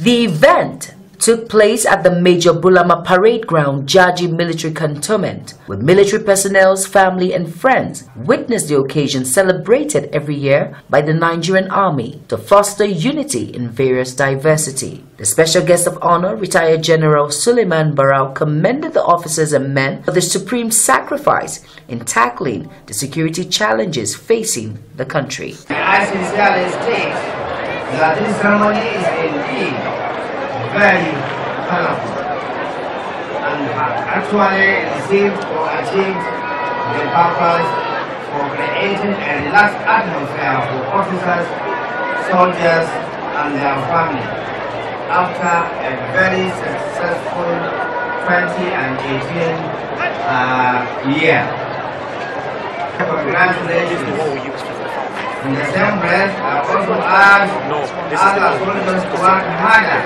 The event took place at the Major Bulama Parade Ground, Jaji Military Cantonment, where military personnel's family and friends witnessed the occasion celebrated every year by the Nigerian Army to foster unity in various diversity. The special guest of honor, retired General Suleiman Barau, commended the officers and men for their supreme sacrifice in tackling the security challenges facing the country this ceremony is indeed very colorful and has actually received or achieved the purpose for creating a relaxed atmosphere for officers, soldiers, and their families after a very successful 2018 uh, year. Congratulations. In uh, the same breath, I also ask no, Allah's holiness to work harder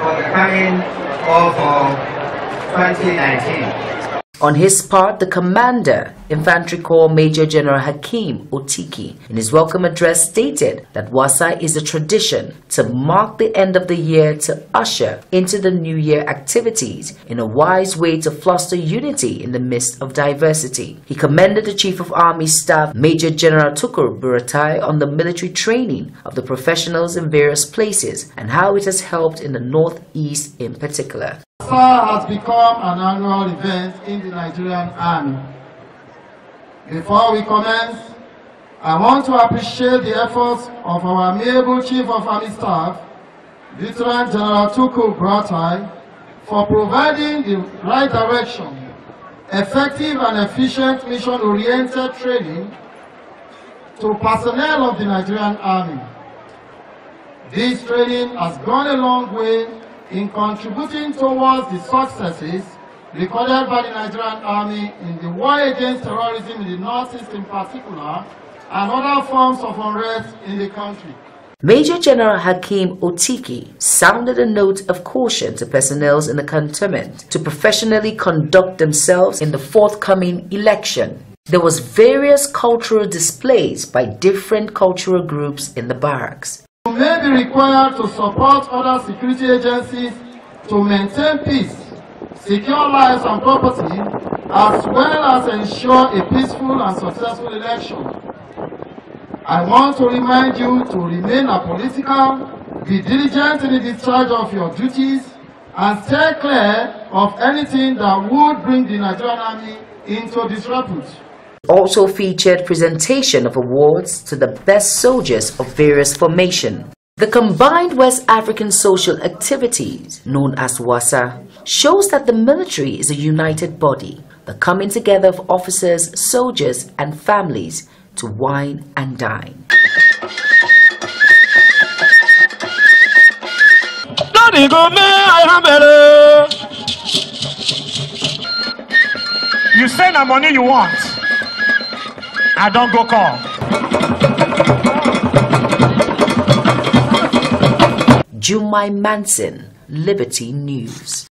for the coming of uh, 2019. On his part, the commander, Infantry Corps Major General Hakim Otiki, in his welcome address stated that Wasa is a tradition to mark the end of the year to usher into the new year activities in a wise way to foster unity in the midst of diversity. He commended the Chief of Army Staff Major General Tukur Buratai on the military training of the professionals in various places and how it has helped in the Northeast in particular. Hausa has become an annual event in the Nigerian army. Before we commence, I want to appreciate the efforts of our amiable Chief of Army Staff, Veteran General Tuku Bratai, for providing the right direction, effective and efficient mission-oriented training to personnel of the Nigerian Army. This training has gone a long way in contributing towards the successes recorded by the Nigerian Army in the war against terrorism in the Northeast in particular and other forms of unrest in the country. Major General Hakim Otiki sounded a note of caution to personnel in the cantonment to professionally conduct themselves in the forthcoming election. There was various cultural displays by different cultural groups in the barracks required to support other security agencies to maintain peace, secure lives and property, as well as ensure a peaceful and successful election. I want to remind you to remain apolitical, be diligent in the discharge of your duties, and stay clear of anything that would bring the Nigerian army into disrepute. Also featured presentation of awards to the best soldiers of various formations. The combined West African social activities, known as WASA, shows that the military is a united body, the coming together of officers, soldiers and families to wine and dine. You send the money you want, I don't go call. Jumai Manson, Liberty News.